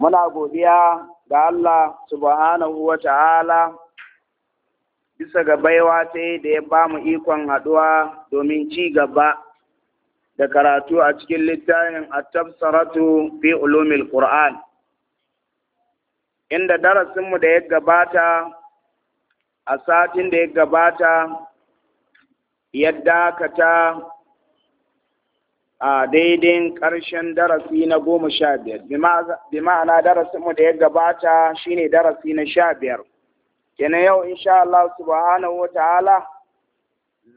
muna godiya ga Allah subhanahu wa ta'ala bisa ga baiwa ta yi da ya ba mu ikon haɗuwa domin ci gaba da karatu a cikin littafin a tafsaratu fi ulumil qur'an inda darasinmu da ya gabata a satin da ya gabata ya dakata a daidai ƙarshen darasi na goma sha biyar bi ma'ana darasinmu da ya gabata shine darasi na sha biyar kenan yau insha Allah subhanahu wa ta'ala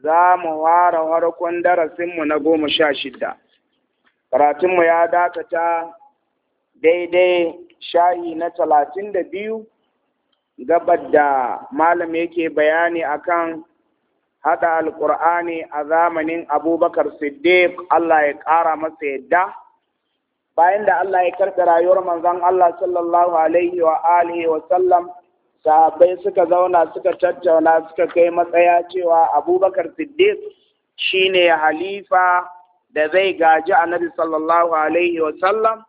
za mu ware harkon darasinmu na goma sha shida karatunmu ya dakata daidai shayi na talatin da biyu gabar da malam yake bayani akan hada alkur'ani a zamanin abubakar siddiq Allah ya ƙara masa yadda bayan da Allah ya karɓi rayuwar manzon Allah sallallahu alaihi wa alihi wa sallam sahabbai suka zauna suka tattauna suka kai matsaya cewa abubakar siddiq shine halifa da zai gaji annabi sallallahu alaihi wa sallam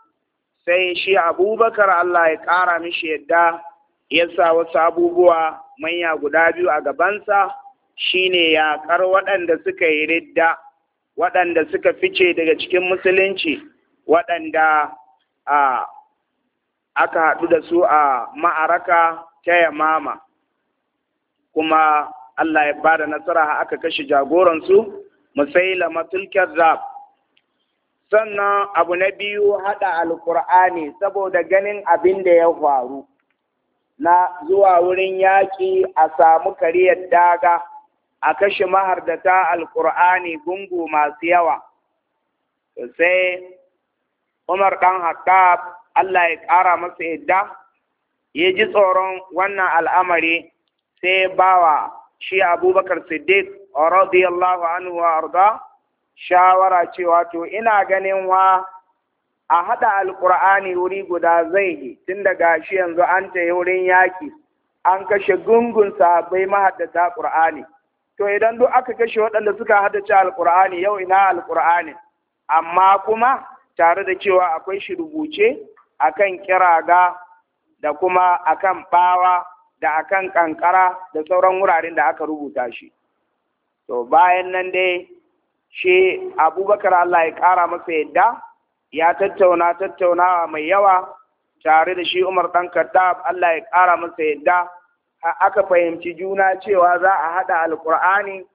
sai shi abubakar Allah ya ƙara mishi yadda ya sa wasu abubuwa manya guda biyu a gabansa shine yaƙar waɗanda suka yi ridda waɗanda suka fice daga cikin musulunci waɗanda a aka haɗu da su a ma'araka ta yamama kuma Allah ya ba da nasara aka kashe jagoransu musaila matulkar zab sannan abu na biyu haɗa alkur'ani saboda ganin abin da ya faru na zuwa wurin yaƙi a samu kariyar daga a kashe mahardata alƙur'ani gungu masu yawa sai Umar ɗan Hattab Allah ya ƙara masa yadda ya ji tsoron wannan al'amari sai bawa shi Abubakar Siddiq radiyallahu anhu wa arda shawara cewa to ina ganin wa a haɗa alƙur'ani wuri guda zai yi tun daga shi yanzu an ta wurin yaƙi an kashe gungun sahabbai mahaddata ƙur'ani to idan duk aka kashe waɗanda suka haddace alƙur'ani yau ina alƙur'ani amma kuma tare da cewa akwai shi rubuce akan kiraga da kuma akan ɓawa, da akan ƙanƙara, da sauran wuraren da aka rubuta shi to bayan nan dai shi abubakar Allah ya ƙara masa yadda ya tattauna tattaunawa mai yawa tare da shi umar ɗan kaddab Allah ya ƙara masa yadda aka fahimci juna cewa za a haɗa alkur'ani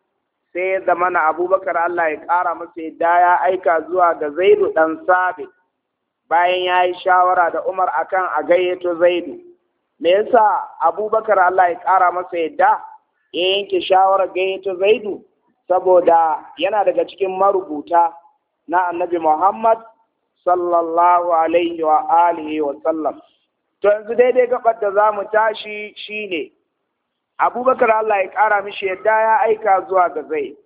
sai ya zama na abubakar Allah ya ƙara masa yadda ya aika zuwa ga zaidu ɗan sabi bayan ya yi shawara da umar akan a gayyato zaidu me yasa abubakar Allah ya ƙara masa yadda ya yanke shawarar gayyato zaidu saboda yana daga cikin marubuta na annabi muhammad sallallahu alaihi wa alihi wa sallam to yanzu daidai gabar da za mu tashi shine abubakar Allah ya ƙara mishi yadda ya aika zuwa ga zai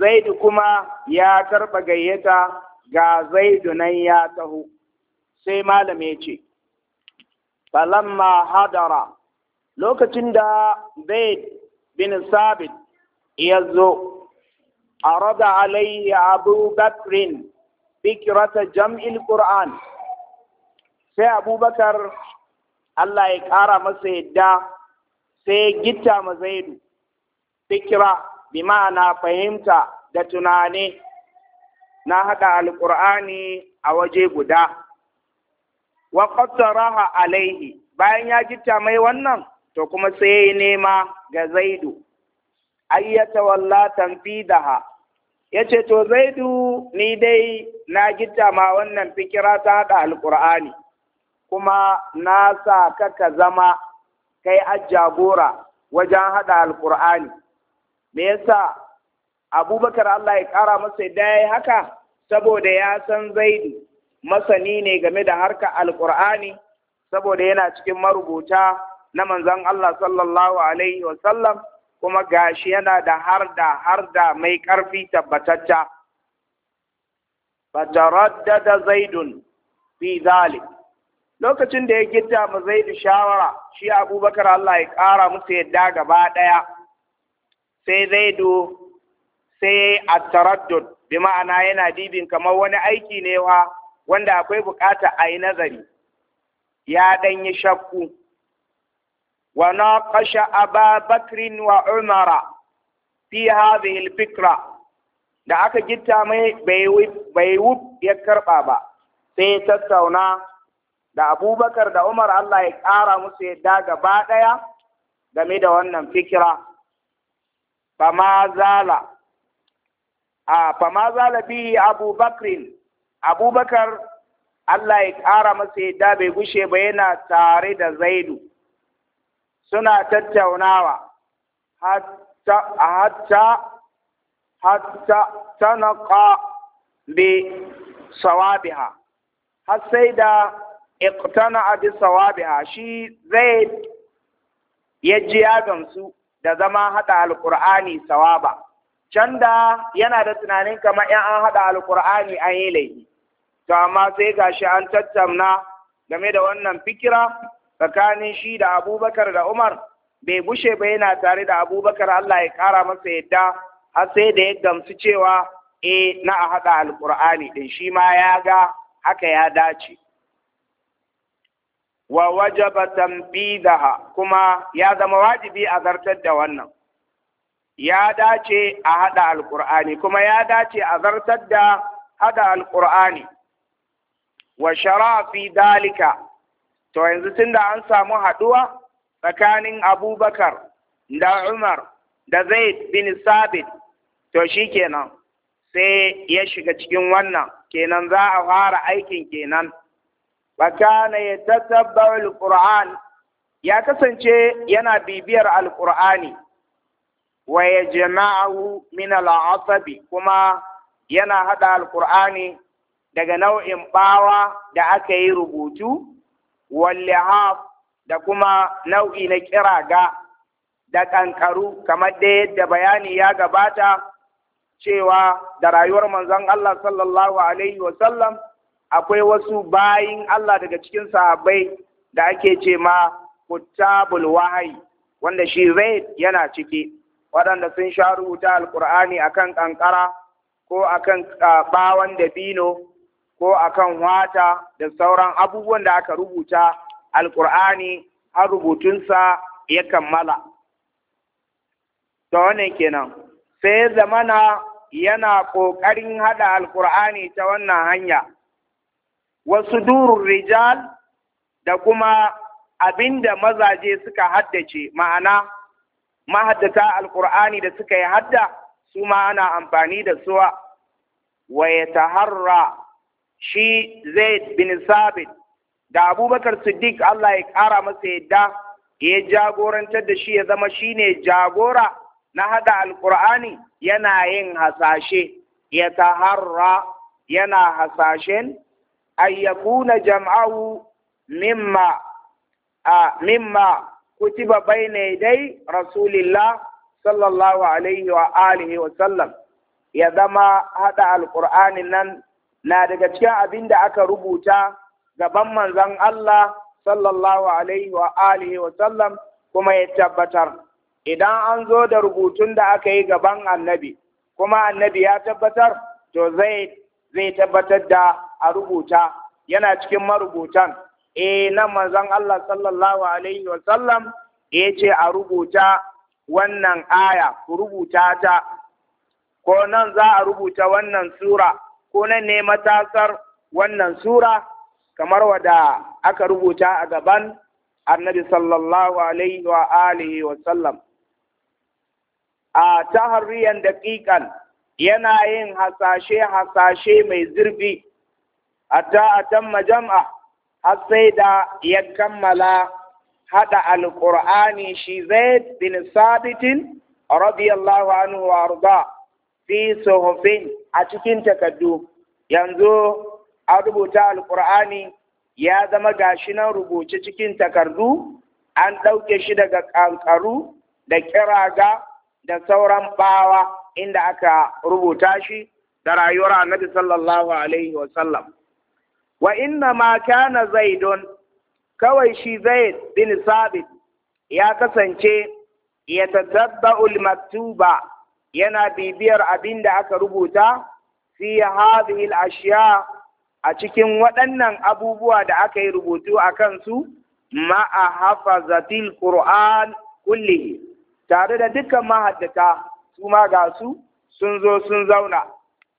zaidu kuma ya karɓa gayyata ga zaidu nan ya taho sai malam ya ce falamma hadara lokacin da zaid bin sabit ya zo عرض عليه أبو بكر bikirata Jam'il Qur'an. sai abubakar Allah ya ƙara masa yadda sai gitta ma zaidu fikira bi ma'ana fahimta da tunani na haɗa alƙur'ani a waje guda wa raha alaihi bayan ya gita mai wannan to kuma sai ya yi nema ga zaidu ayyata walla tanfidaha ce to zaidu ni dai na gitta ma wannan fikira ta haɗa alƙur'ani kuma na sa ka zama kai ajjagora wajen hada Alƙur'ani. me yasa abubakar Allah ya kara masa ya yi haka saboda ya san zaidu masani ne game da harka Alƙur'ani. saboda yana cikin marubuta na manzon Allah sallallahu alaihi wa sallam kuma gashi yana da harda harda mai ƙarfi tabbatacca fataraddada zaidun fi zalik lokacin da ya gidda zai da shawara shi abubakar Allah ya ƙara musu yadda gaba ɗaya sai do sai ya yi bi ma'ana yana dibin kamar wani aiki ne wa wanda akwai bukata a yi nazari ya ɗan yi shakku wa naqasha aba bakrin wa umara fi hadhihi fikra da aka gitta mai bai ya karɓa ba sai ya tattauna da abubakar da umar Allah ya ƙara musu yadda gaba ɗaya game da wannan fikira fama zala a fama zala bihi abubakrin abubakar Allah ya ƙara masa yadda bai gushe ba yana tare da zaidu suna tattaunawa hatta hatta hatta tanaqa bi sawabiha har sai da iqtana abi sawabiha shi zai ya ji ya gamsu da zama hada alqur'ani sawaba can da yana da tunanin kamar in an hada alqur'ani an yi laifi to amma sai gashi an tattauna game da wannan fikira tsakanin shi da abubakar da umar bai bushe ba yana tare da abubakar allah ya kara masa yadda har sai da ya gamsu cewa e na a haɗa alƙur'ani ɗin shi ma ya ga haka ya dace wa wajaba tanfidaha kuma ya zama wajibi a zartar da wannan ya dace a hada alqur'ani kuma ya dace a zartar da hada alqur'ani wa Sharafi dalika to yanzu tunda an samu haduwa tsakanin abubakar da umar da zaid bin sabit to shikenan sai ya shiga cikin wannan kenan za a fara aikin kenan wa kana yatasabbaru alquran ya kasance yana bibiyar alqur'ani wa yajma'uhu min al'asabi kuma yana hada alqur'ani daga nau'in bawa da aka yi rubutu wallahaf da kuma nau'i na kiraga da ƙanƙaru kamar da yadda bayani ya gabata cewa da rayuwar manzon Allah sallallahu alaihi wasallam akwai wasu bayin Allah daga cikin sahabbai da ake ce ma kutabul wahayi wanda shi Zaid yana ciki waɗanda sun sha rubuta alkur'ani akan ƙanƙara, ko akan bawan dabino ko kan wata da sauran abubuwan da aka rubuta Alƙur'ani a rubutunsa ya kammala da wannan kenan sai zamana yana ƙoƙarin haɗa Alƙur'ani ta wannan hanya wasu durun rijal da kuma abinda mazaje suka haddace ma'ana mahaddata alkur'ani da suka yi hadda su ma ana amfani da suwa wa ya taharra shi zaid bin sabit da abubakar siddiq allah ya ƙara masa yadda ya jagorantar da shi ya zama shine jagora na hada alkur'ani yana yin hasashe ya taharra yana hasashen an yakuna jam'ahu mimma a mimma kutiba baina dai rasulillah sallallahu alaihi wa alihi wa sallam ya zama hada alqur'ani nan na daga cikin abin da aka rubuta gaban manzon Allah sallallahu alaihi wa alihi wa sallam kuma ya tabbatar idan an zo da rubutun da aka yi gaban annabi kuma annabi ya tabbatar to zai zai tabbatar da a rubuta yana cikin marubutan eh na manzon Allah sallallahu alaihi wa sallam ya ce a rubuta wannan aya ku rubuta ta ko nan za a rubuta wannan sura ko nan ne matasar wannan sura kamar wada aka rubuta a gaban annabi sallallahu alaihi wa alihi wa sallam a taharriyan daƙiƙan yana yin hasashe hasashe mai zurfi hatta atamma jam'a har sai da ya kammala hada alƙur'ani shi zaid bin sabitin radiyallahu anhu wa arda fi suhufin a cikin takaddu yanzu a rubuta alƙur'ani ya zama gashi nan rubuce cikin takardu an ɗauke shi daga ƙanƙaru da ƙiraga da sauran ɓawa inda aka rubuta shi da rayuwar annabi sallallahu alaihi wasallam wa inna ma kana zaidun kawai shi zaid bin sabit ya kasance ya tatabba'ul maktuba yana bibiyar abin da aka rubuta fi hadhihi al a cikin waɗannan abubuwa da aka yi rubutu a kansu ma'a hafazatil qur'an kullihi tare da dukkan mahaddata su ma ga su sun zo sun zauna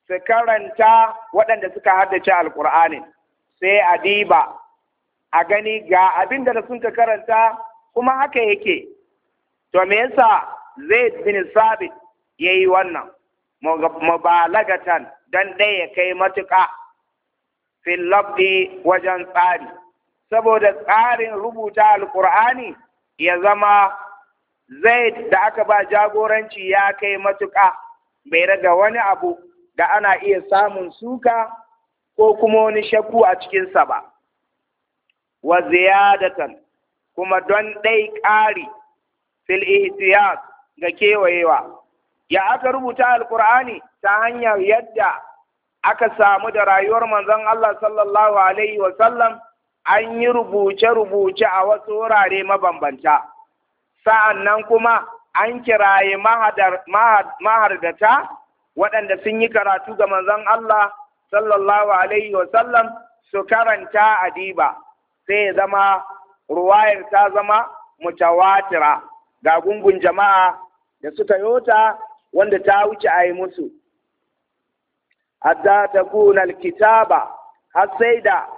su karanta waɗanda suka haddace alƙur'anin sai a diba a gani ga abin da sun ka karanta kuma haka yake to me yasa zaid bin sabit yi wannan mubalagatan don dai ya kai matuƙa fil labdi wajen tsari saboda tsarin rubuta Alƙur'ani ya zama zaid da aka ba jagoranci ya kai matuƙa bai raga wani abu da ana iya samun suka ko kuma wani shakku a cikinsa ba wa ziyadatan kuma don ɗai ƙari fil ihtiyas ga kewayewa ya aka rubuta alkur'ani ta hanyar yadda aka samu da rayuwar manzon Allah sallallahu alaihi wa an yi rubuce-rubuce a wasu wurare mabambanta sa'annan kuma an kiraye mahardata waɗanda sun yi karatu ga manzon Allah sallallahu alaihi wa sallam su karanta adiba sai ya zama ruwayar ta zama mutawatira ga gungun jama'a da suka yota wanda ta wuce a yi musu hatta ta kuna kitaba har sai da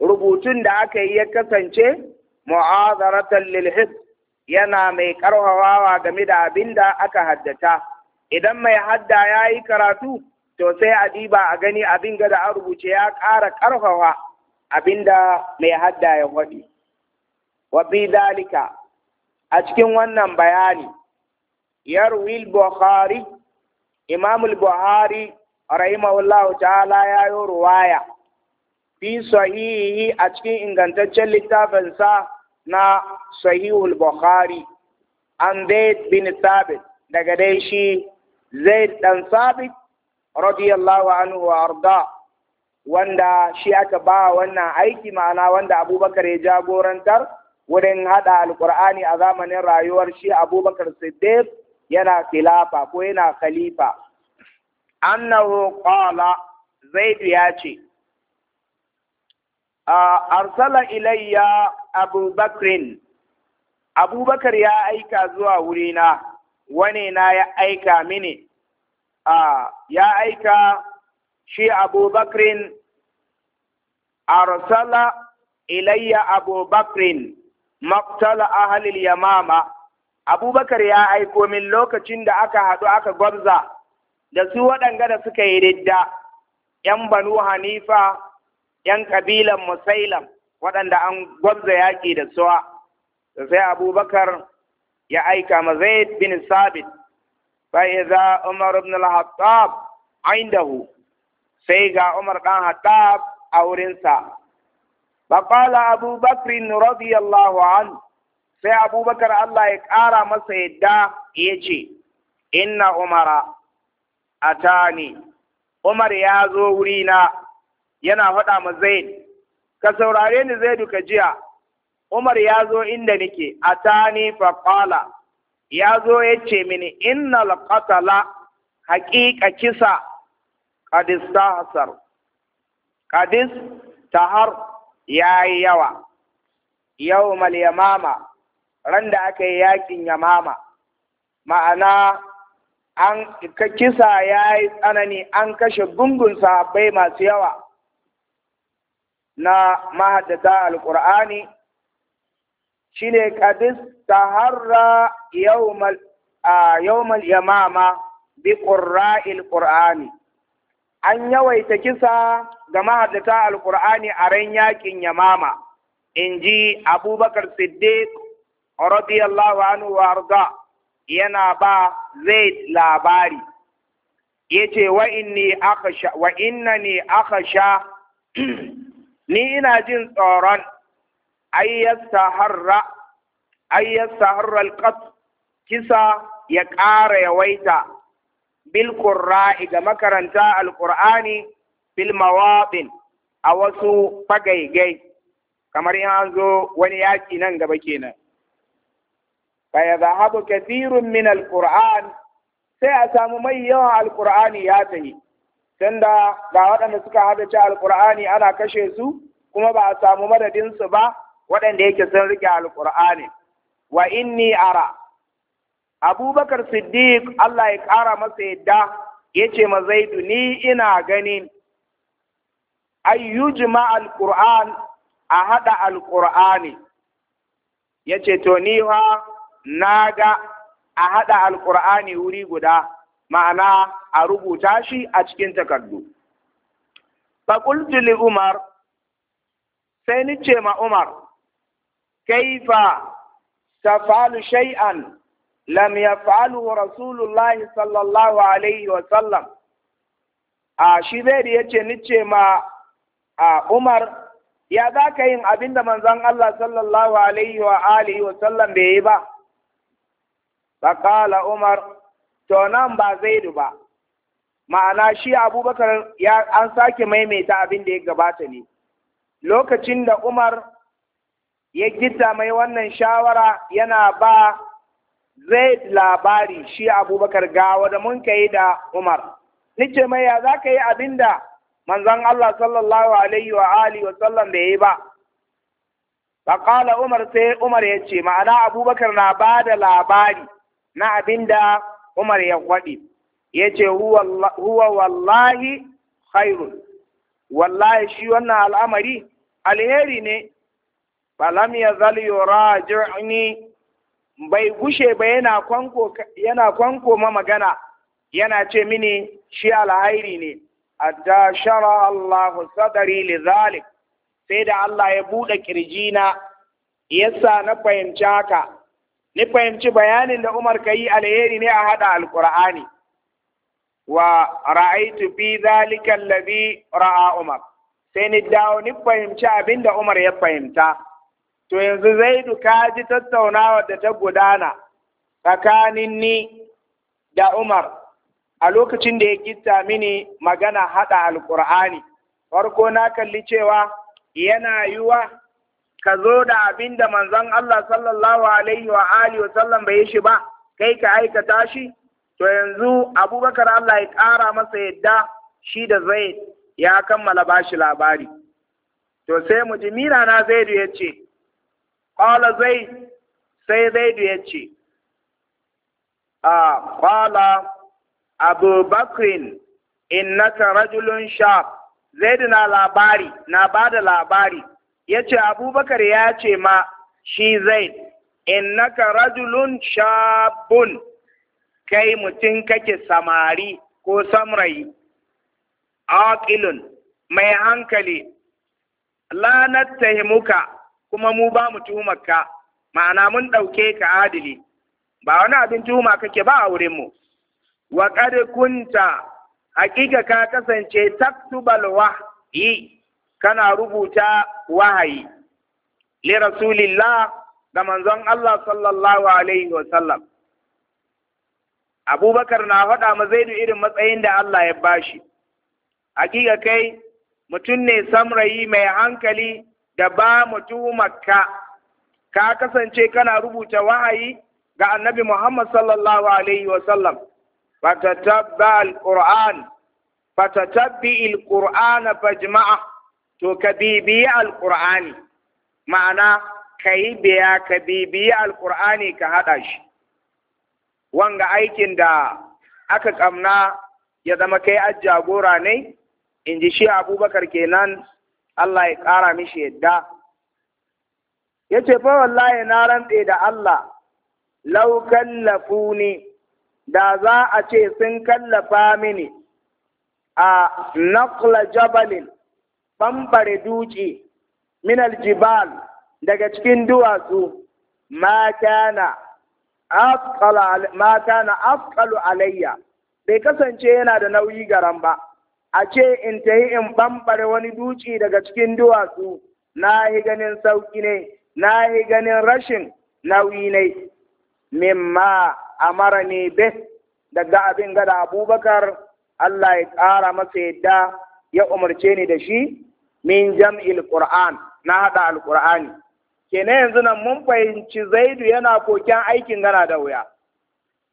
rubutun da aka yi ya kasance mu'azaratan lil yana mai karhawawa game da abin da aka haddata idan mai hadda ya yi karatu to sai a diba a gani abin ga da an rubuce ya ƙara ƙarfafa abin da mai hadda ya faɗi. Wa dalika a cikin wannan bayani, yarwil Buhari, Imamul Buhari, rahimahullahu ta'ala ya yi ruwaya, fi sahihi a cikin ingantaccen littafinsa na sahihul Buhari an bin Sabit daga dai shi Zaid ɗan Sabit radiyallahu anhu wa arda wanda shi aka ba wannan aiki ma'ana wanda abubakar ya jagorantar wurin hada alkur'ani a zamanin rayuwar shi abubakar siddiq yana khilafa ko yana khalifa annahu qala zaidu ya ce arsala ilayya abubakrin abubakar ya aika zuwa wurina wane na ya aika mini a ya aika shi Abu Bakrin arsala ilayya Abu Bakrin maqtala yamama Abubakar ya aiko min lokacin da aka haɗu aka gwabza da su waɗanga da suka yi ridda ‘yan banu Hanifa, ‘yan ƙabilan Musailam, waɗanda an gwabza yaƙi da suwa, sai Abubakar ya aika ma bin Sabit fa'iza umar ibn al-hattab indahu sai ga umar dan hattab a wurinsa faqala abu bakr radiyallahu an sai abu bakar allah ya kara masa yadda ya ce inna umara atani umar ya zo wurina yana faɗa ma zaid ka saurare ni zaidu ka jiya umar ya zo inda nake atani faqala ya zo ya ce mini innal qatala haƙiƙa kisa kadis tahsar qadis tahar yi yawa Yau, yamama ran da aka yi yakin yamama ma'ana an ka kisa yi tsanani an kashe gungun sahabbai masu yawa na mahaddata Alƙur'ani. shine qadis taharra yawmal yawmal yamama bi qurra'il qur'ani an yawaita kisa ga mahaddata alqur'ani a ran yakin yamama inji abubakar siddiq radiyallahu anhu wa arda yana ba zaid labari yace wa inni akhsha aka sha?" ni ina jin tsoron ay yastaharra ay kisa ya ƙara yawaita bil qurra'i ga makaranta alkur'ani bil mawaqin a wasu fagaigai kamar in an zo wani yaƙi nan gaba kenan fa yadhhabu kathirun min alqur'an sai a samu mai yawan Alƙur'ani ya tahi tunda ga waɗanda suka haɗa ci alqur'ani ana kashe su kuma ba a samu madadinsu ba waɗanda yake sun rike alƙur'ani wa inni ara abubakar siddiq allah ya ƙara masa yadda ya ce ma zaidu ni ina ganin ayyujma alƙur'an a haɗa alƙur'ani ya ce to ni ha na ga a haɗa alƙur'ani wuri guda ma'ana a rubuta shi a cikin takardu faƙultu li umar sai ni ce ma umar kaifa tafalu shay'an lam yaf'alu rasulullah sallallahu alaihi wa sallam a shi bai yace nice ma a Umar ya za ka yin abinda da manzon Allah sallallahu alaihi wa alihi wa sallam bai yi ba faqala Umar to nan ba Zaidu ba ma'ana shi Abubakar ya an sake maimaita abin da ya gabata ne lokacin da Umar ya gita mai wannan shawara yana ba zai labari shi abubakar ga wanda mun kai da umar nice mai ya za ka yi abinda manzon Allah sallallahu alaihi wa alihi wa sallam bai yi ba faƙala umar sai umar ya ce ma'ana abubakar na ba da labari na abin da umar ya kwaɗi ya ce huwa wallahi khairun wallahi shi wannan al'amari alheri ne falam ya zal yuraji'ni bai gushe ba yana kwanko yana kwanko ma magana yana ce mini shi alhairi ne adda shara Allahu sadari li zalik sai da Allah ya bude kirjina yasa na fahimci ka. ni fahimci bayanin da Umar kayi alheri ne a hada alqur'ani wa ra'aytu fi zalika alladhi ra'a Umar sai ni dawo ni fahimci abinda Umar ya fahimta to yanzu zaidu ka ji tattaunawa da ta gudana tsakanin ni da Umar a lokacin da ya gitta mini magana haɗa alƙur'ani farko na kalli cewa yana yiwa ka zo da abin da manzon Allah sallallahu alaihi wa alihi wa sallam bai shi ba kai ka aikata shi to yanzu abubakar Allah ya ƙara masa yadda shi da zai ya kammala bashi labari to sai na zaidu ya ce Kala zai sai zaidu ya ce, A ƙwala Abu Bakrin innaka rajulun sha zaidu na labari, na ba da labari, ya ce Abubakar ya ce ma shi zai innaka rajulun shabun kai mutum kake samari ko samrayi, aƙilun mai hankali, lanar lanattahimuka kuma mu ba mu ma'ana mun ɗauke ka adili ba wani abin tuhuma kake ba a wurin mu wa qad kunta hakika ka kasance taktubal wahyi kana rubuta wahayi li rasulillah Da manzon Allah sallallahu alaihi wa sallam Abubakar na faɗa ma Zaidu irin matsayin da Allah ya bashi hakika kai mutum ne samrayi mai hankali da ba mutumarka ka kasance kana rubuta wahayi ga annabi Muhammad sallallahu alaihi wasallam fatatabba alquran fatatabbi alqur'ana fajma'a to ka bibiyi qurani ma'ana yi biya ka bibiyi qurani ka hada shi wanga aikin da aka kamna ya zama kai a jagora ne in ji shi abubakar kenan Allah ya ƙara mishi yadda ya ce fa wallahi na rantse da Allah lau kallafu ne da za a ce sun kallafa mini a nakla jabalin bambare duci Minal Jibal, daga cikin duwatsu ma kana afqalu alayya bai kasance yana da nauyi garan ba a ce in yi in bambare wani duci daga cikin duwatsu na yi ganin sauƙi ne na yi ganin rashin nauyi ne mimma mara ne be daga abin gada abubakar Allah ya ƙara masa yadda ya umarce ni da shi min jam'il qur'an na haɗa alqur'ani kenan yanzu nan mun fahimci zaidu yana koken aikin gana da wuya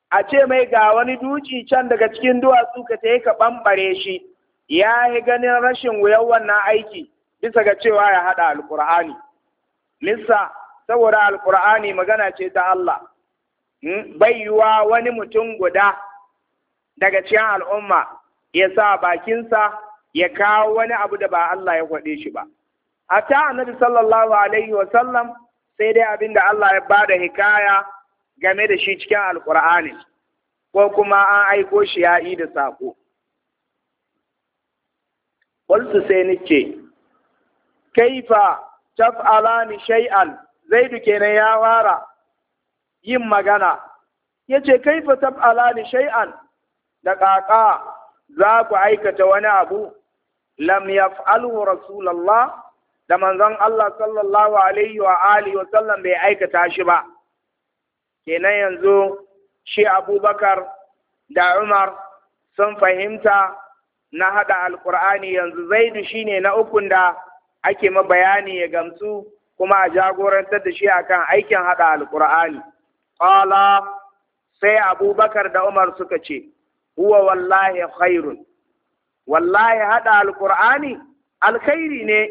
a ce mai ga wani duci can daga cikin duwatsu ka ta yi ka ɓamɓare shi ya yi ganin rashin wuyan wannan aiki bisa ga cewa ya haɗa alƙur'ani lissa saboda alƙur'ani magana ce ta Allah hmm? bai wani mutum guda daga cikin al'umma ya sa bakinsa ya kawo wani abu da ba Allah ya kwaɗe shi ba ta annabi sallallahu alaihi wasallam sai dai abin da Allah ya ba da hikaya game da shi cikin alƙur'ani ko kuma an aiko shi ya da saƙo qultu sai nice kaifa taf'alani shay'an zaidu kenan ya fara yin magana yace kaifa taf'alani shai'an? da ƙaƙa za ku aikata wani abu lam yaf'alhu rasulullah da manzon Allah sallallahu alaihi wa sallam bai aikata shi ba kenan yanzu shi Abubakar da Umar sun fahimta na haɗa alkur'ani yanzu zaidu shine na ukun da ake ma bayani ya gamsu kuma a jagorantar da shi akan aikin haɗa alkur'ani qala sai abubakar da umar suka ce huwa wallahi khairun wallahi haɗa alkur'ani alkhairi ne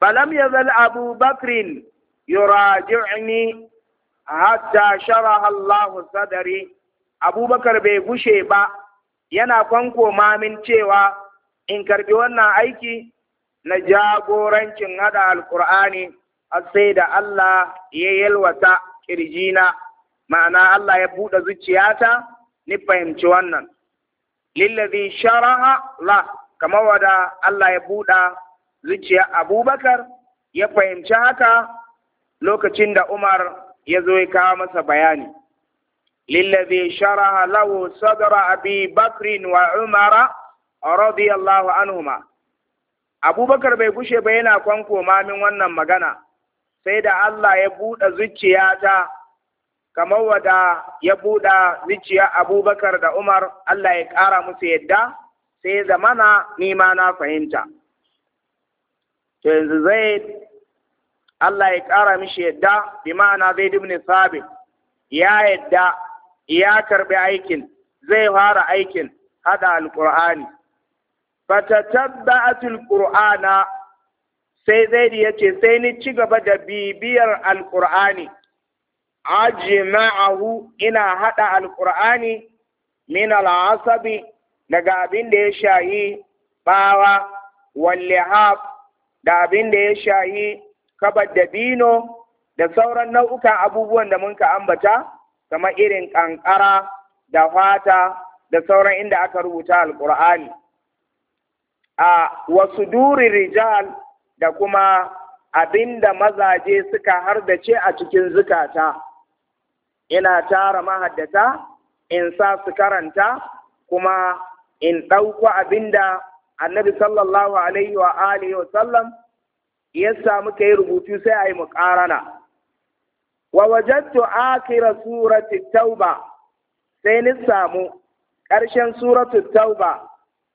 falam yazal abubakrin yuraji'ni hatta sharaha Allah sadari abubakar bai gushe ba yana kwanko mamin cewa in karbi wannan aiki na jagorancin hada alkur'ani sai da Allah ya yalwata kirjina ma'ana Allah ya buɗe zuciyata ni fahimci wannan lillazi sharaha la kamar wada Allah ya buɗe zuciya Abubakar ya fahimci haka lokacin da Umar ya zo ya kawo masa bayani Lillabe Sharharaun Sadarwar Habib Bakrin wa Umar wa Radiyyahu Anhuma. Abubakar bai bushe ba yana kwankomamin wannan magana. Sai da Allah ya buɗe zuciyata kamar wada ya buɗe zuciya Abubakar da Umar, Allah ya ƙara musu yadda sai da mana ni ma na fahimta. Sanzu zai, Allah ya ƙara musu yadda Bima na zai dumi ni Ya yadda. ya karbi aikin zai fara aikin hada alqur'ani fatatabba'atul qur'ana sai zai zaidi yace sai ni ci gaba da bibiyar alqur'ani ajma'ahu ina hada alqur'ani min al'asabi daga abin da ya shayi bawa wallahab da abin da ya shayi kabar da bino da sauran nau'ukan abubuwan da mun ka ambata kamar irin ƙanƙara da fata da sauran inda aka rubuta Alkur'ani. a wasu duri rijal da kuma abinda mazaje suka hardace a cikin zukata ina tara mahaddata in sa su karanta kuma in ɗauko abinda annabi sallallahu alaihi wa alihi wa sallam ya samu kai rubutu sai a yi ƙarana. wa wajadtu akhira surati tauba sai ni samu ƙarshen suratu tauba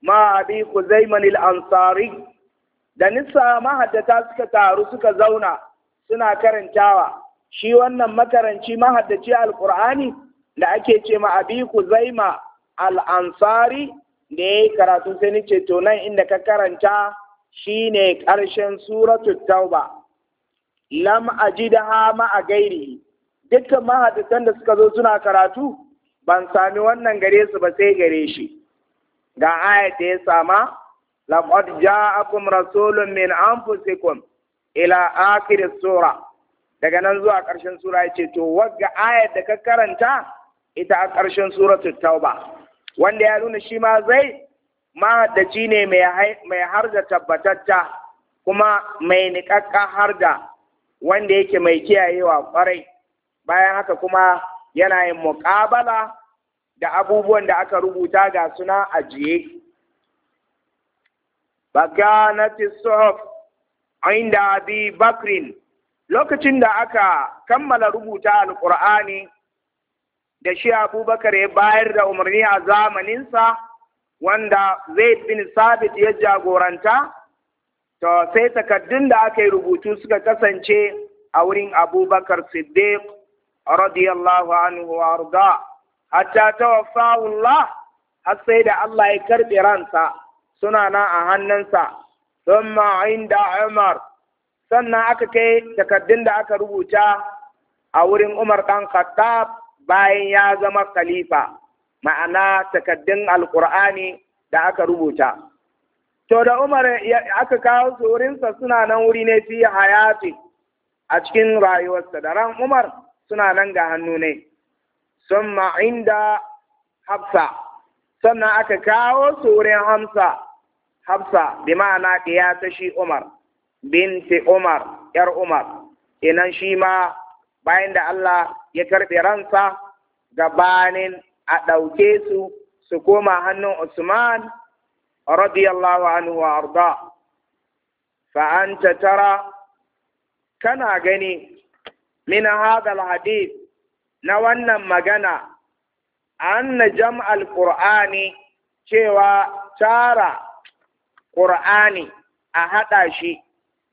ma abi kuzaiman al-ansari da nisa mahaddata suka taru suka zauna suna karantawa shi wannan makaranci mahaddaci alqur'ani da ake ce ma abi kuzaima al-ansari da karatu sai ni ce to nan inda ka karanta shine ƙarshen suratul tauba lam ajidaha ma a gairi dukkan mahadisan da suka zo suna karatu ban sami wannan gare su ba sai gare shi ga ayat da ya sama laqad ja'akum rasulun min anfusikum ila akhir sura daga nan zuwa ƙarshen sura ce to wagga ayat da ka karanta ita a ƙarshen suratu tauba wanda ya nuna shi ma zai mahaddaci ne mai har da tabbatatta kuma mai niƙaƙƙa har da wanda yake mai kiyayewa kwarai bayan haka kuma yana yin muƙabala da abubuwan da aka rubuta ga suna ajiye bakanati suhuf inda abi bakrin lokacin da aka kammala rubuta alƙur'ani da shi abubakar ya bayar da umarni a zamaninsa wanda zai bin sabit ya jagoranta To sai takaddun da aka yi rubutu suka kasance a wurin Abubakar Siddiq radiyallahu anhu wa arda hatta tawaffahu Allah har sai da Allah ya karɓi ransa suna nan a hannunsa thumma inda Umar sannan aka kai takaddun da aka rubuta a wurin Umar Dan Khattab bayan ya zama khalifa ma'ana takaddun alqur'ani da aka rubuta to da Umar aka kawo su wurinsa suna nan wuri ne fi hayati a cikin rayuwarsa da ran Umar suna nan ga hannu ne sun inda Hafsa sannan aka kawo su wurin Hamsa Hafsa bi ma'ana ta shi Umar binti Umar yar Umar inan shi ma bayan da Allah ya karɓe ransa gabanin a ɗauke su su koma hannun Usman رضي الله عنه وأرضاه فانت ترى كنا غني من هذا الحديث نوانا مغنى ان جمع القران شوى ترى قران أهداشي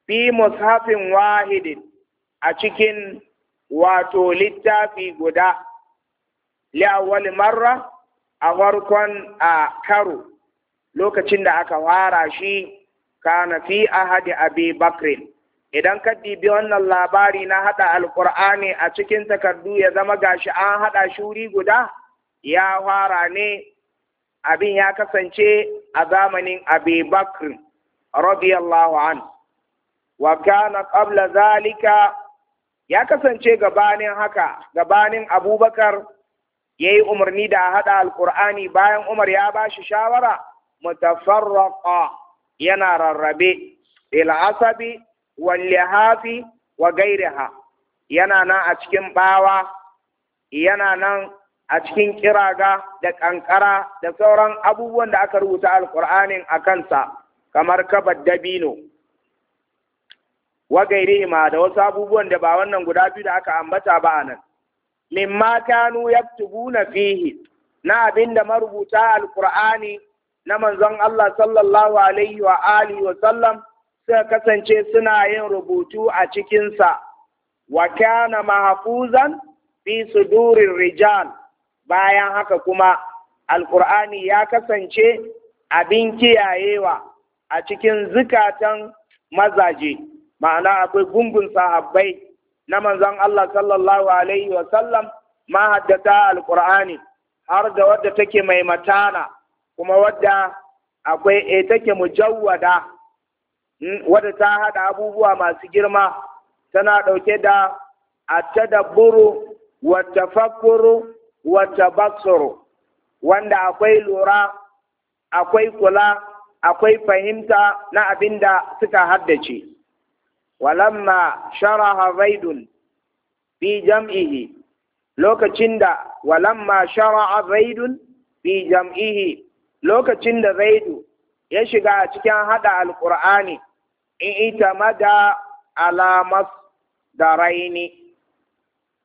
في مصحف واحد أشكين واتو littafi guda li awwal marra a كارو lokacin da aka wara shi kana fi ahadi abi bakrin idan ka dibi wannan labari na hada alqur'ani a cikin takardu ya zama gashi an hada shuri guda ya fara ne abin ya kasance a zamanin abi bakr radiyallahu an wa kana qabla zalika ya kasance gabanin haka gabanin abubakar ya yi umarni da haɗa alqur'ani bayan umar ya ba shi shawara mutafarraqa yana rarrabe ilhasabi, asabi wal lihafi wa gairiha yana nan a cikin bawa yana nan a cikin kiraga da kankara da sauran abubuwan da aka rubuta alkur'anin a kansa kamar kabar dabino wa ma da wasu abubuwan da ba wannan guda biyu da aka ambata ba a nan mimma kanu yaktubuna fihi na abinda marubuta Alƙur'ani. na manzon Allah sallallahu alaihi wa alihi wa sallam suka kasance suna yin rubutu a cikinsa wa kana mahfuzan fi sudurir rijal bayan haka kuma alqur'ani ya kasance abin kiyayewa a cikin zukatan mazaje ma'ana akwai gungun sahabbai na manzon Allah sallallahu alaihi wa sallam ma haddata alqur'ani har da wadda take mai matana kuma wadda akwai e take mujawwada mm, wadda ta hada abubuwa masu girma tana dauke da atadabburu wa tafakkuru wa tabassuru wanda akwai lura akwai kula akwai fahimta na abinda suka haddace walamma sharaha zaidun fi jam'ihi lokacin da walamma shara'a zaidun fi jam'ihi lokacin da zaidu ya shiga a cikin hada alkur'ani in ita mada alamas da raini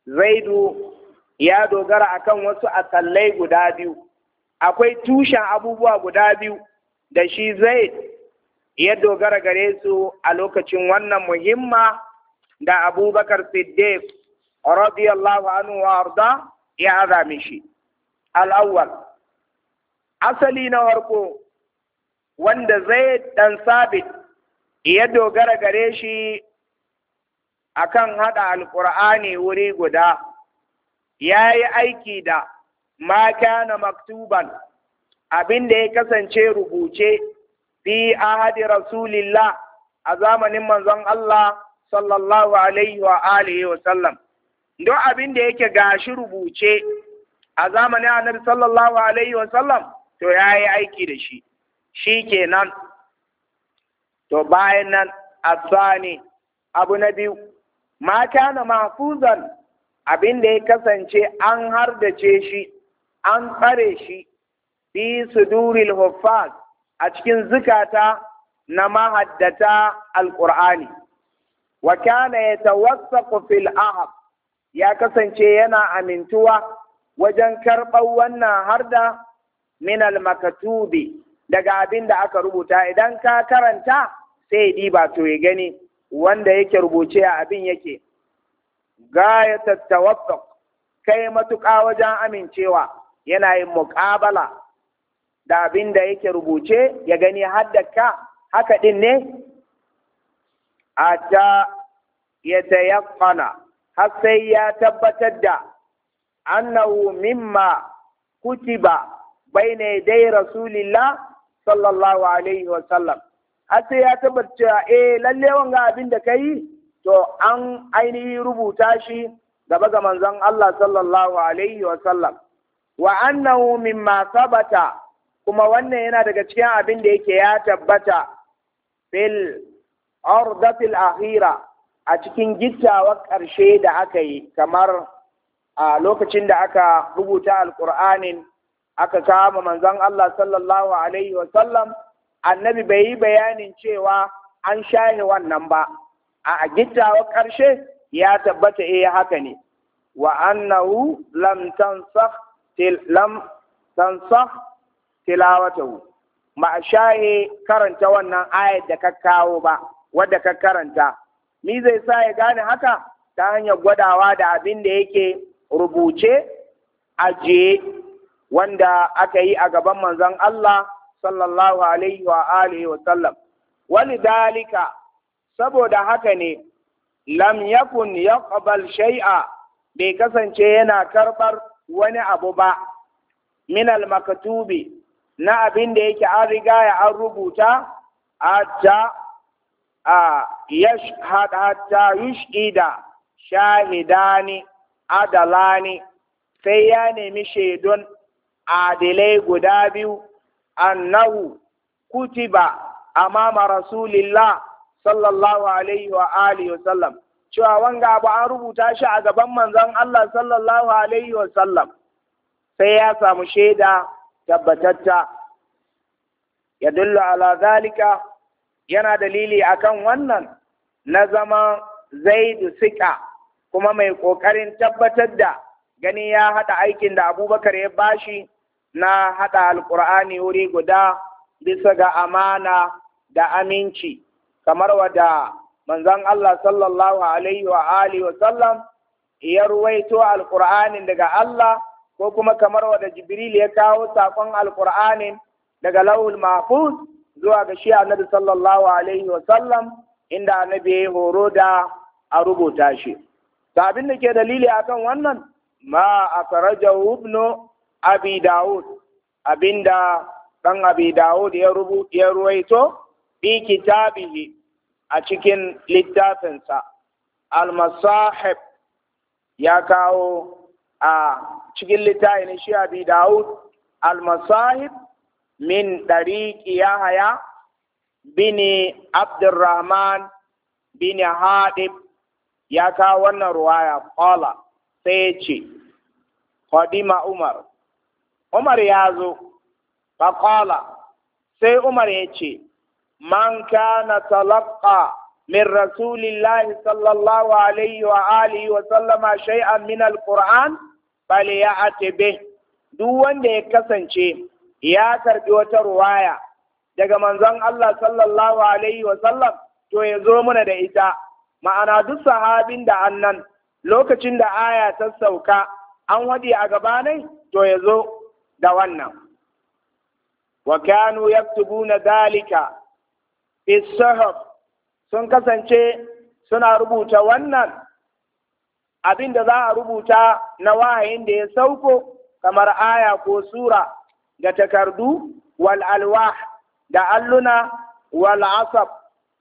zaidu ya dogara akan wasu asallai guda biyu akwai tushen abubuwa guda biyu da shi zaid ya dogara gare su a lokacin wannan muhimma da abubakar siddiq radiyallahu anhu wa arda ya azami shi al'awwal asali na harko wanda zai dan sabit ya dogara gare shi akan hada alqur'ani wuri guda yayi aiki da ma na maktuban abinda ya kasance rubuce fi ahadi rasulillah a zamanin manzon Allah sallallahu alaihi wa alihi wa sallam duk abin da yake gashi rubuce a zamanin annabi sallallahu alaihi wa sallam to ya yi aiki da shi shi ke nan. to bayan nan asani abu na biyu Mata na mafuzan. abin da ya kasance an hardace shi an tsare shi fi suduril huffaz a cikin zukata na mahaddata alqur'ani wa kana yatawassaqu fil ahab ya kasance yana amintuwa wajen karɓar wannan harda min al daga abin da aka rubuta idan ka karanta sai diba to ya gani wanda yake rubuce a abin yake gayata tawaffaq kai matuƙa wajen amincewa yana yin muƙabala da abin da yake rubuce ya gani haddaka haka din ne a ta ya tayaqqana har sai ya tabbatar da annahu mimma kutiba bayna dai rasulillah sallallahu alaihi wa sallam har sai ya tabbata cewa eh lalle wanga abin da kai to an ainihi rubuta shi gaba ga manzon Allah sallallahu alaihi wa sallam wa annahu mimma sabata kuma wannan yana daga cikin abin da yake ya tabbata fil ardatil akhira a cikin gittawar ƙarshe da aka yi kamar a lokacin da aka rubuta alƙur'anin aka kama manzon Allah sallallahu alaihi wa sallam annabi bai yi bayanin cewa an shahe wannan ba a gittawa ƙarshe ya tabbata eh haka ne wa annahu lam tansakh til lam tansakh ma shahe karanta wannan ayat da ka kawo ba wadda ka karanta ni zai sa ya gane haka ta hanyar gwadawa da abin da yake rubuce ajiye wanda aka yi a gaban manzon Allah sallallahu alaihi wa alihi wa sallam wani dalika saboda haka ne lam yakun yaqbal shai'a, bai kasance yana karɓar wani abu ba Minal maktubi na abin da yake an riga ya an rubuta hatta a yashhad hatta yushida shahidani adalani sai ya nemi shaidun adilai guda biyu annahu kutiba amama rasulillah sallallahu alaihi wa alihi wa sallam cewa wanga abu an rubuta shi a gaban manzon Allah sallallahu alaihi wa sallam sai ya samu shaida tabbatatta ya dulla ala zalika yana dalili akan wannan na zama zaidu sika kuma mai ƙoƙarin tabbatar da gani ya haɗa aikin da abubakar ya bashi na haɗa alƙur'ani wuri guda bisa ga amana da aminci kamar wadda manzon Allah sallallahu alaihi wa alihi wa sallam ya ruwaito alƙur'anin daga Allah ko kuma kamar wada Jibril ya kawo saƙon alƙur'anin daga Lawul mahfuz zuwa ga shi annabi sallallahu alaihi wa sallam inda annabi ya horo da a rubuta shi. abin da ke dalili akan wannan ma a ibnu abi Dawud abinda dan abi Dawud ya rubu ya ruwaito bi kitabihi a cikin littafinsa al-masahib ya kawo a cikin littafin shi abi Dawud al-masahib min ɗariƙi Yahaya bini Abdurrahman bini hadib ya kawo wannan ruwaya kola sai ce, Kwadima Umar, Umar ya zo, faƙala, sai Umar ya ce, Man kana talaqqa min rasulillahi sallallahu alaihi wa alihi wa sallama shay'an min alquran bali ya atabe duk wanda ya kasance ya karbi wata ruwaya daga manzon Allah sallallahu alaihi wa sallam to ya zo mana da ita ma'ana duk sahabin da annan lokacin da aya ta sauka an wadi a gabanai to ya zo da wannan wa kanu na dalika fi sun kasance suna rubuta wannan abin da za a rubuta na wahayin da ya sauko kamar aya ko sura da takardu wal alwah da alluna wal asab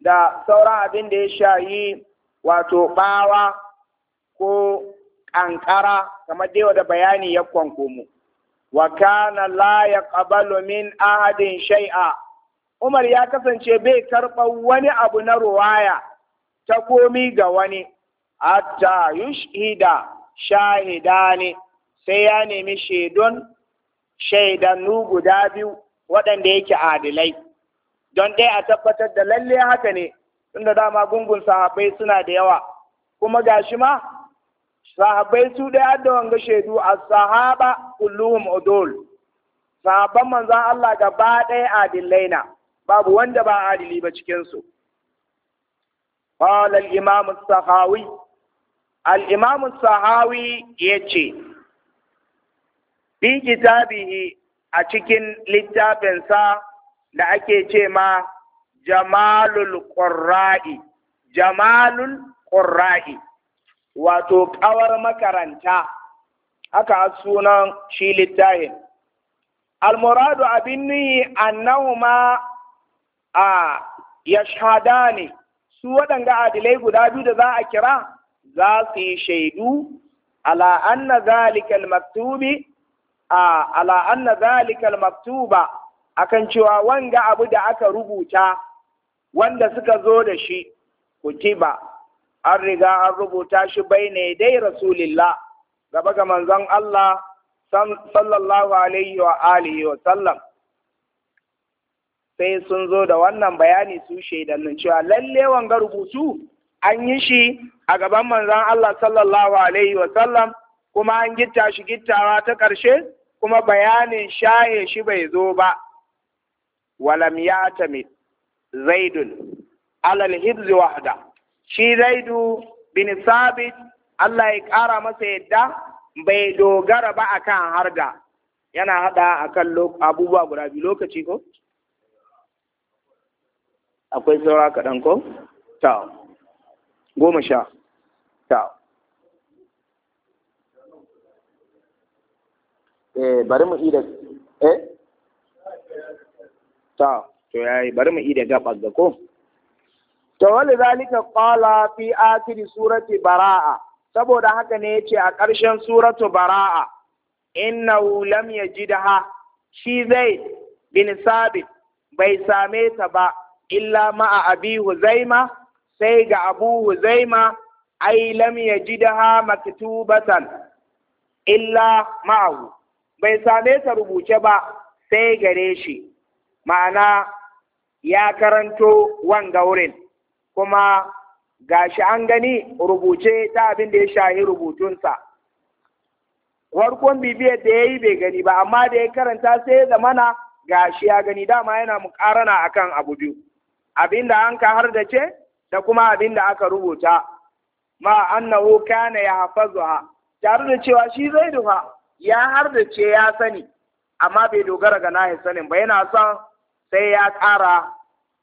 da sauran abin da ya shayi wato bawa ko ƙanƙara kamar dai da bayani ya kwankomo wa kana la min ahadin Shai'a. Umar ya kasance bai karɓar wani abu na ruwaya ta komi ga wani hatta yushhida ne. sai ya nemi shaidun shaidannu guda biyu waɗanda yake adilai don dai a tabbatar da lalle haka ne tunda dama gungun sahabai suna da yawa kuma ga shi ma sahabbai su da adda wanga shaidu a sahaba kulluhum udul sahabban manzon Allah gaba ɗaya adillai na babu wanda ba adili ba cikin su qala al-imam as-sahawi al-imam as-sahawi yace bi kitabihi a cikin littafinsa da ake ce ma jamalul qurra'i jamalul qurra'i wato ƙawar makaranta haka sunan shi littahin almuradu abin nuyi annahuma a ne. su waɗanga adilai guda biyu da za a kira za su yi shaidu ala anna zalika almaktubi a ala anna zalika almaktuba akan cewa wanga abu da aka rubuta wanda suka zo da shi kutiba an riga an rubuta shi bai ne dai rasulillah gaba ga manzon Allah sallallahu alaihi wa alihi wa sallam sai sun zo da wannan bayani su shaidannin cewa lalle wanga rubutu an yi shi a gaban manzon Allah sallallahu alaihi wa sallam kuma an gitta shi gittawa ta ƙarshe kuma bayanin shaye shi bai zo ba walam ya tamid zaidun alal hibzi wahda shi zaidu bin sabit Allah ya ƙara masa yadda bai dogara ba a kan harga. yana haɗa akan abubuwa guda biyu lokaci ko akwai saura kaɗan ko ta goma sha ta eh bari mu ida eh ta to yayi bari mu ida gaba ga ko to zalika qala fi akiri surati baraa saboda haka ne yace a ƙarshen suratu baraa ji lam ha! shi zai bin sabit bai same ta ba illa ma'a abi huzaima sai ga abu huzaima ai lam ha maktubatan illa ma'ahu bai same ta rubuce ba sai gare shi ma'ana ya karanto wanga wurin kuma gashi an gani rubuce ta abin da ya shahi rubutunsa Warkon bibiyar da ya yi bai gani ba amma da ya karanta sai ya zamana gashi ya gani dama yana mukarana akan abu biyu abin da an ka da ce da kuma abin da aka rubuta ma annahu kana ya hafa zuwa? tare da cewa shi zai duha ya har da ce ya sani amma bai dogara ga nahi sanin ba yana son sai ya ƙara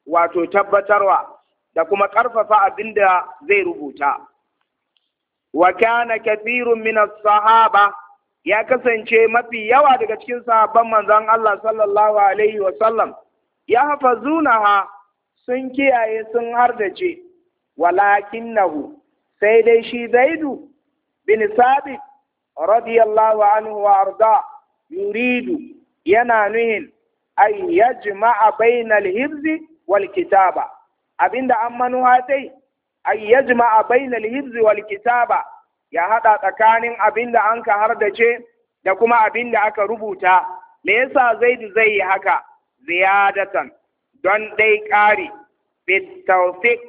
wato tabbatarwa da kuma ƙarfafa abin da zai rubuta. Wa kana kathirun min sahaba ya kasance mafi yawa daga cikin sahabban manzon Allah sallallahu alaihi wa sallam ya hafazunaha sun kiyaye sun hardace nabu, sai dai shi Zaidu bin Sabit radiyallahu anhu wa arda yuridu yana nuhin ay yajma'a bainal hibzi wal kitaba abinda an manuwa sai, tai a yajma'a bainal hizzi wal kitaba ya hada tsakanin abinda an ka hardace da kuma abinda aka rubuta me yasa zaidu zai yi haka ziyadatan don dai ƙari bitawfiq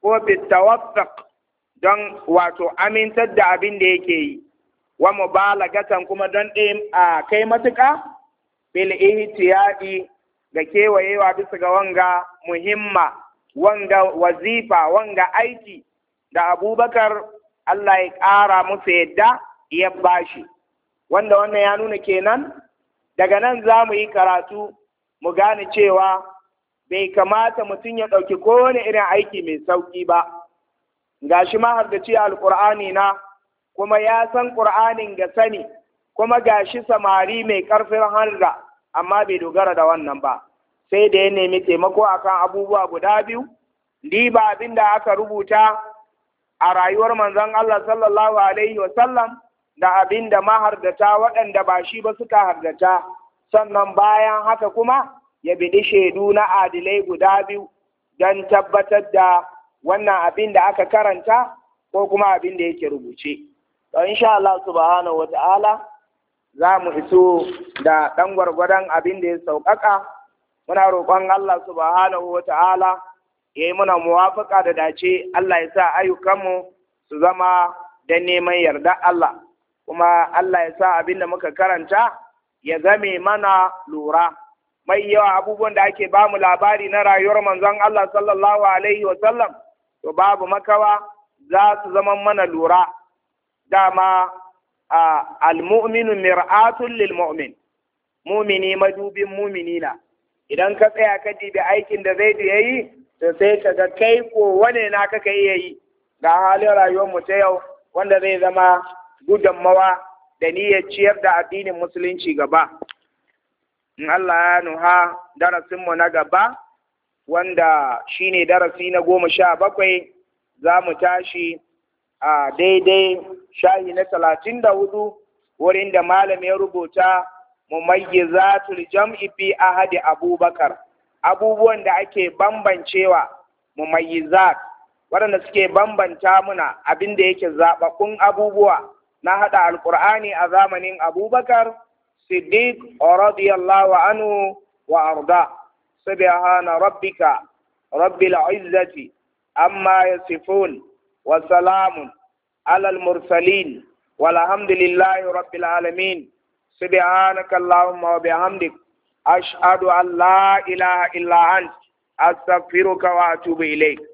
ko bitawaffiq don wato amintar da abinda yake yi wa mubalagatan kuma don ɗaya a kai matuka? bil ihtiyadi Da kewayewa bisa ga wanga muhimma wanga wazifa wanga aiki da abubakar Allah ya ƙara musu yadda ya bashi wanda wannan ya nuna kenan daga nan za mu yi karatu mu gane cewa bai kamata mutum ya ɗauki kowane irin aiki mai sauƙi ba ga shi ma alƙur'ani na kuma ya san ƙur'anin ga sani kuma ga shi samari mai ƙarfin harga amma bai dogara da wannan ba sai da ya nemi taimako akan abubuwa guda biyu riba abin da aka rubuta a rayuwar manzon Allah sallallahu alaihi wasallam da abin da mahardata waɗanda ba shi ba suka hardata sannan bayan haka kuma ya biɗi shaidu na adilai guda biyu don tabbatar da wannan abin da aka karanta ko kuma abin da yake rubuce. insha wa ta'ala za mu iso da ɗan gwargwadon abin da ya sauƙaƙa muna roƙon Allah subhanahu wa ta'ala ya yi muna muwafaka da dace Allah ya sa ayyukanmu su zama da neman yarda Allah kuma Allah ya sa abin da muka karanta ya zame mana lura mai yawa abubuwan da ake bamu labari na rayuwar manzon Allah sallallahu alaihi wa sallam to babu makawa za su zama mana lura dama al-mu'minu mir'atun lil mu'min mumini madubin mumini na idan ka tsaya ka dibi aikin da zai da yi, to sai ka ga kai ko wane na ka iya yi. ga halin rayuwar mu ta yau wanda zai zama gudunmawa da niyyar ciyar da addinin musulunci gaba in Allah ya nuha darasin mu na gaba wanda shine darasi na goma sha bakwai za mu tashi a daidai shahi na talatin da hudu wurin da malam ya rubuta mumayyizatul jam'i fi ahadi abubakar abubuwan da ake bambancewa mumayyizat waɗanda suke bambanta muna abin da yake zaɓaɓɓun abubuwa na haɗa alƙur'ani a zamanin abubakar siddiq radiyallahu anhu wa arda subhana rabbika rabbil izzati amma yasifun wa salamun alal mursalin walhamdulillahi rabbil alamin subhanaka allahumma wa bihamdik ashhadu an la ilaha illa ant astaghfiruka wa atubu ilayk